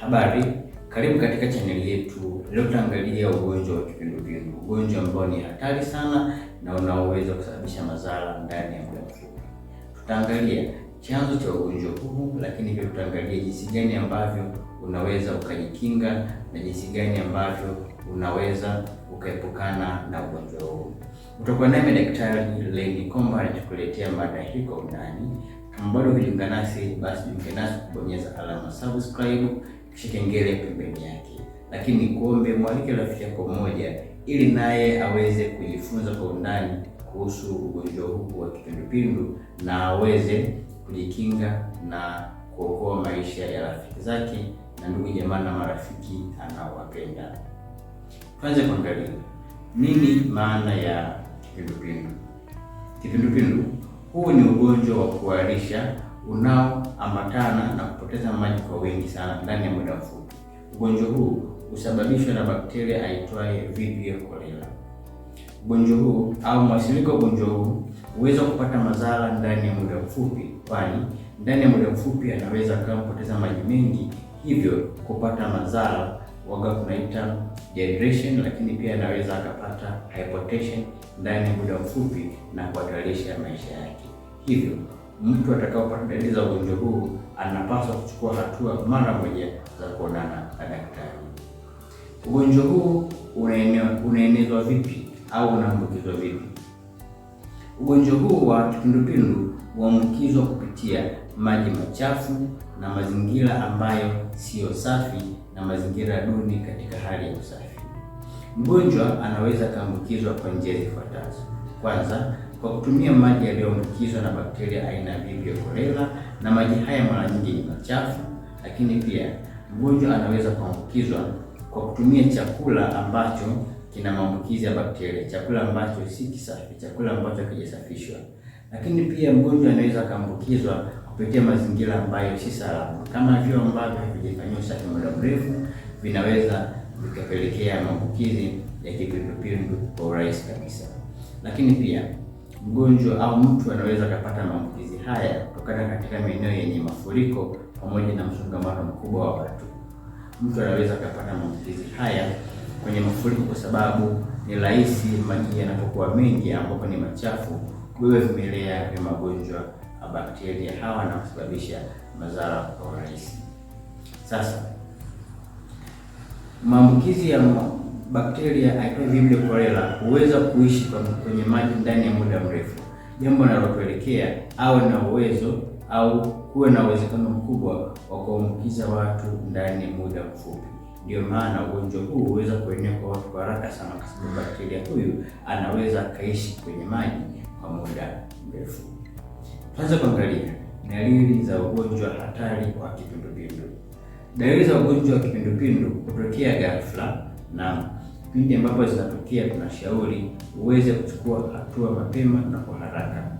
Habari, karibu katika chaneli yetu. Leo tutaangalia ugonjwa wa kipindupindu, ugonjwa ambao ni hatari sana na unaoweza kusababisha madhara ndani ya muda mfupi. Tutaangalia chanzo cha ugonjwa huu, lakini pia tutaangalia jinsi gani ambavyo unaweza ukajikinga na jinsi gani ambavyo unaweza ukaepukana na ugonjwa huu. Utakuwa nami Daktari Lenny Komba anakuletea mada hii kwa undani. Kama bado hujiunga nasi, basi jiunge nasi kubonyeza alama subscribe shikengele pembeni yake, lakini kuombe mwalike rafiki yako mmoja ili naye aweze kujifunza kwa undani kuhusu ugonjwa huu wa kipindupindu na aweze kujikinga na kuokoa maisha ya rafiki zake na ndugu jamaa na marafiki anaowapenda. Tuanze kuangalia nini maana ya kipindupindu. Kipindupindu huu ni ugonjwa wa kuharisha unaoambatana na kupoteza maji kwa wingi sana ndani ya muda mfupi. Ugonjwa huu husababishwa na bakteria aitwaye Vibrio cholerae. Ugonjwa huu au wa ugonjwa huu huweza kupata madhara ndani ya muda mfupi, kwani ndani ya muda mfupi anaweza kama kupoteza maji mengi, hivyo kupata madhara waga kunaita dehydration, lakini pia anaweza akapata hypotension ndani ya muda mfupi na kuhatarisha maisha yake hivyo mtu za ugonjwa huu anapaswa kuchukua hatua mara moja za kuonana na daktari. Ugonjwa huu unaenezwa vipi au unaambukizwa vipi? Ugonjwa huu wa kipindupindu huambukizwa kupitia maji machafu na mazingira ambayo siyo safi na mazingira duni katika hali ya usafi. Mgonjwa anaweza akaambukizwa kwa njia zifuatazo. Kwanza, kwa kutumia maji yaliyoambukizwa na bakteria aina ya Vibrio cholerae, na maji haya mara nyingi ni machafu, lakini pia mgonjwa anaweza kuambukizwa kwa kutumia chakula ambacho kina maambukizi ya bakteria, chakula ambacho si kisafi, chakula ambacho hakijasafishwa. Lakini pia mgonjwa anaweza akaambukizwa kupitia mazingira ambayo si salama, kama vile ambavyo havijafanyiwa usafi muda mrefu, vinaweza vikapelekea maambukizi ya kipindupindu kwa urahisi kabisa. Lakini pia mgonjwa au mtu anaweza akapata maambukizi haya kutokana katika maeneo yenye mafuriko pamoja na msongamano mkubwa wa watu. Mtu anaweza akapata maambukizi haya kwenye mafuriko kwa sababu ni rahisi maji yanapokuwa mengi, ambapo ni machafu, kubeba vimelea vya magonjwa ya bakteria hawa na kusababisha madhara kwa urahisi. Sasa maambukizi ya bakteria aitwa Vibrio cholerae huweza kuishi kwenye maji ndani ya muda mrefu, jambo linalopelekea awe na uwezo au kuwe na uwezekano mkubwa wa kuambukiza watu ndani ya muda mfupi. Ndio maana ugonjwa huu huweza kuenea kwa watu kwa haraka sana, kwa sababu bakteria huyu anaweza akaishi kwenye maji kwa muda mrefu. Tuanze kuangalia dalili za ugonjwa hatari wa kipindupindu. Dalili za ugonjwa wa kipindupindu hutokea ghafla na Pindi ambapo zinatokea, tunashauri uweze kuchukua hatua mapema na kwa haraka.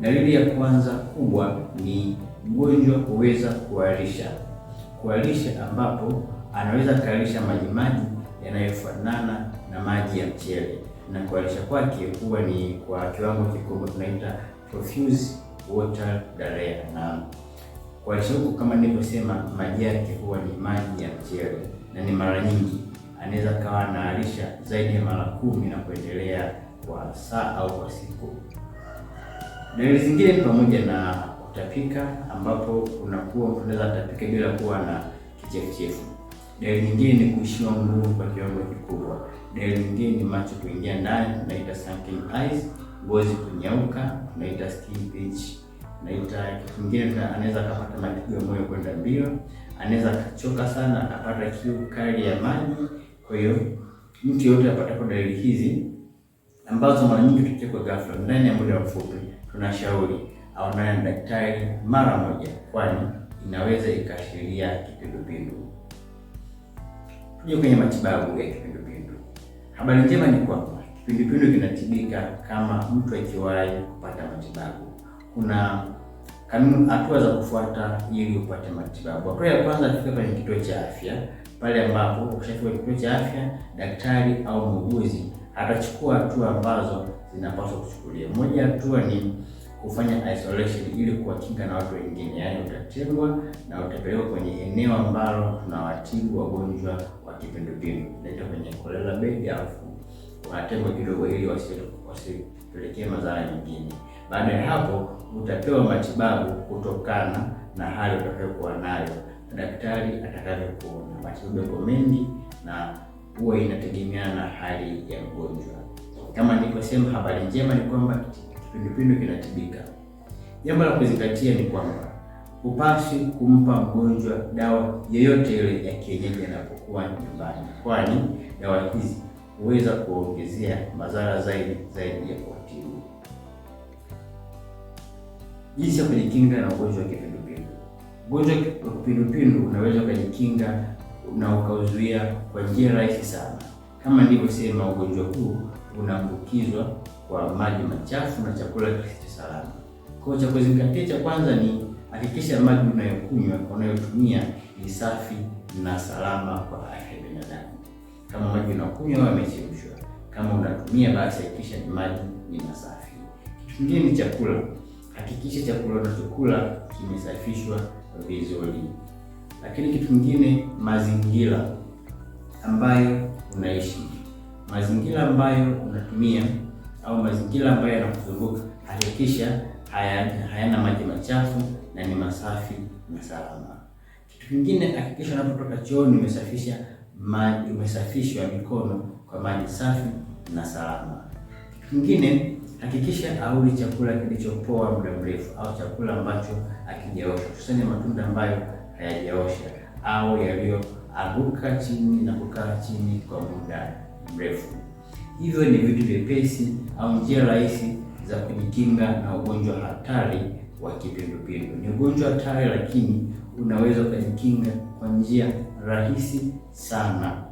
Dalili ya kwanza kubwa ni mgonjwa huweza kuharisha. Kuharisha ambapo anaweza kuharisha majimaji yanayofanana na maji ya mchele, na kuharisha kwake huwa ni kwa kiwango kikubwa, tunaita profuse water diarrhea. Na kuharisha huku, kama nilivyosema, maji yake huwa ni maji ya mchele na ni mara nyingi anaweza kawa anaharisha zaidi ya mara kumi na kuendelea kwa saa au kwa siku. Dalili zingine ni pamoja na kutapika, ambapo unakuwa unaweza tapika bila kuwa na kichefuchefu. Dalili nyingine ni kuishiwa nguvu kwa kiwango kikubwa. Dalili nyingine ni macho kuingia ndani, naita sunken eyes, ngozi kunyauka, naita skin itch naita kitu kingine, anaweza akapata mapigo ya moyo kwenda mbio, anaweza akachoka sana akapata kiu kali ya maji kwa hiyo mtu yeyote apatapo dalili hizi ambazo mara nyingi tutekwa ghafla ndani ya muda mfupi, tunashauri aonane na daktari mara moja, kwani inaweza ikaashiria kipindupindu. Tuje kwenye matibabu ya kipindupindu. Habari njema ni kwamba kipindupindu kinatibika kama mtu akiwahi kupata matibabu. Kuna kanuni, hatua za kufuata ili upate matibabu. Hatua ya kwanza, fika kwenye kituo cha afya pale ambapo ukishafika kituo cha afya, daktari au muuguzi atachukua hatua ambazo zinapaswa kuchukulia. Moja ya hatua ni kufanya isolation ili kuwakinga na watu wengine, yaani utatengwa na utapelekwa kwenye eneo ambalo tunawatibu wagonjwa wa kipindupindu, naita kwenye kolela bedi, alafu unatengwa kidogo ili wasipelekee madhara nyingine. Baada ya hapo utapewa matibabu kutokana na hali utakayokuwa nayo daktari atakavyokuona. Matibabu yako mengi na huwa inategemeana na hali ya mgonjwa. Kama nilivyosema, habari njema ni kwamba kipindupindu kinatibika. Jambo la kuzingatia ni kwamba hupaswi kumpa mgonjwa dawa yoyote ile ya kienyeji anapokuwa nyumbani, kwani dawa hizi huweza kuongezea madhara zaidi zaidi ya kuwatibu. Jinsi ya kujikinga na ugonjwa wa Ugonjwa wa kipindupindu unaweza ukajikinga na ukauzuia kwa njia rahisi sana. Kama nilivyosema, ugonjwa huu unaambukizwa kwa maji machafu na chakula kisicho salama. Kwa hiyo cha kuzingatia cha kwanza ni hakikisha maji unayokunywa unayotumia ni safi na salama kwa afya ya binadamu. Kama maji unakunywa yamechemshwa, kama unatumia basi hakikisha ni maji ni masafi. Kitu kingine ni chakula, hakikisha chakula unachokula kimesafishwa vizuri. Lakini kitu kingine, mazingira ambayo unaishi, mazingira ambayo unatumia au mazingira ambayo yanakuzunguka, hakikisha hayana haya maji machafu na ni masafi na salama. Kitu kingine, hakikisha unapotoka chooni umesafisha maji, umesafishwa mikono kwa maji safi na salama. Kingine, hakikisha auli chakula kilichopoa muda mrefu au chakula ambacho akijaosha hususani matunda ambayo hayajaosha au yaliyoanguka chini na kukaa chini kwa muda mrefu. Hivyo ni vitu vyepesi au njia rahisi za kujikinga na ugonjwa hatari wa kipindupindu. Ni ugonjwa hatari, lakini unaweza ukajikinga kwa njia rahisi sana.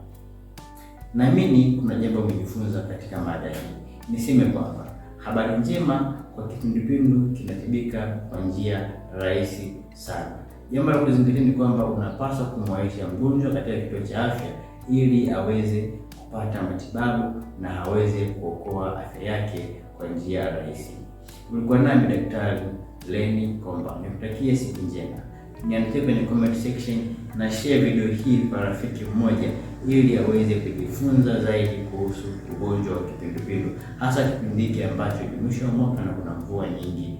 Naamini kuna jambo umejifunza katika mada hii niseme kwamba habari njema kwa kipindupindu kinatibika kwa njia rahisi sana. Jambo la kuzingatia ni kwamba unapaswa kumwaisha mgonjwa katika kituo cha afya ili aweze kupata matibabu na aweze kuokoa afya yake kwa njia rahisi. Ulikuwa nami Daktari Lenny Komba, nikutakie siku njema. Niandikie kwenye comment section na share video hii kwa rafiki mmoja ili aweze kujifunza zaidi kuhusu ugonjwa wa kipindupindu, hasa kipindi hiki ambacho ni mwisho wa mwaka na kuna mvua nyingi,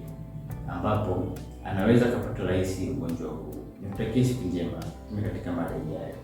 ambapo anaweza akapata rahisi ugonjwa huu. Nikutakia siku njema katika mada ijayo.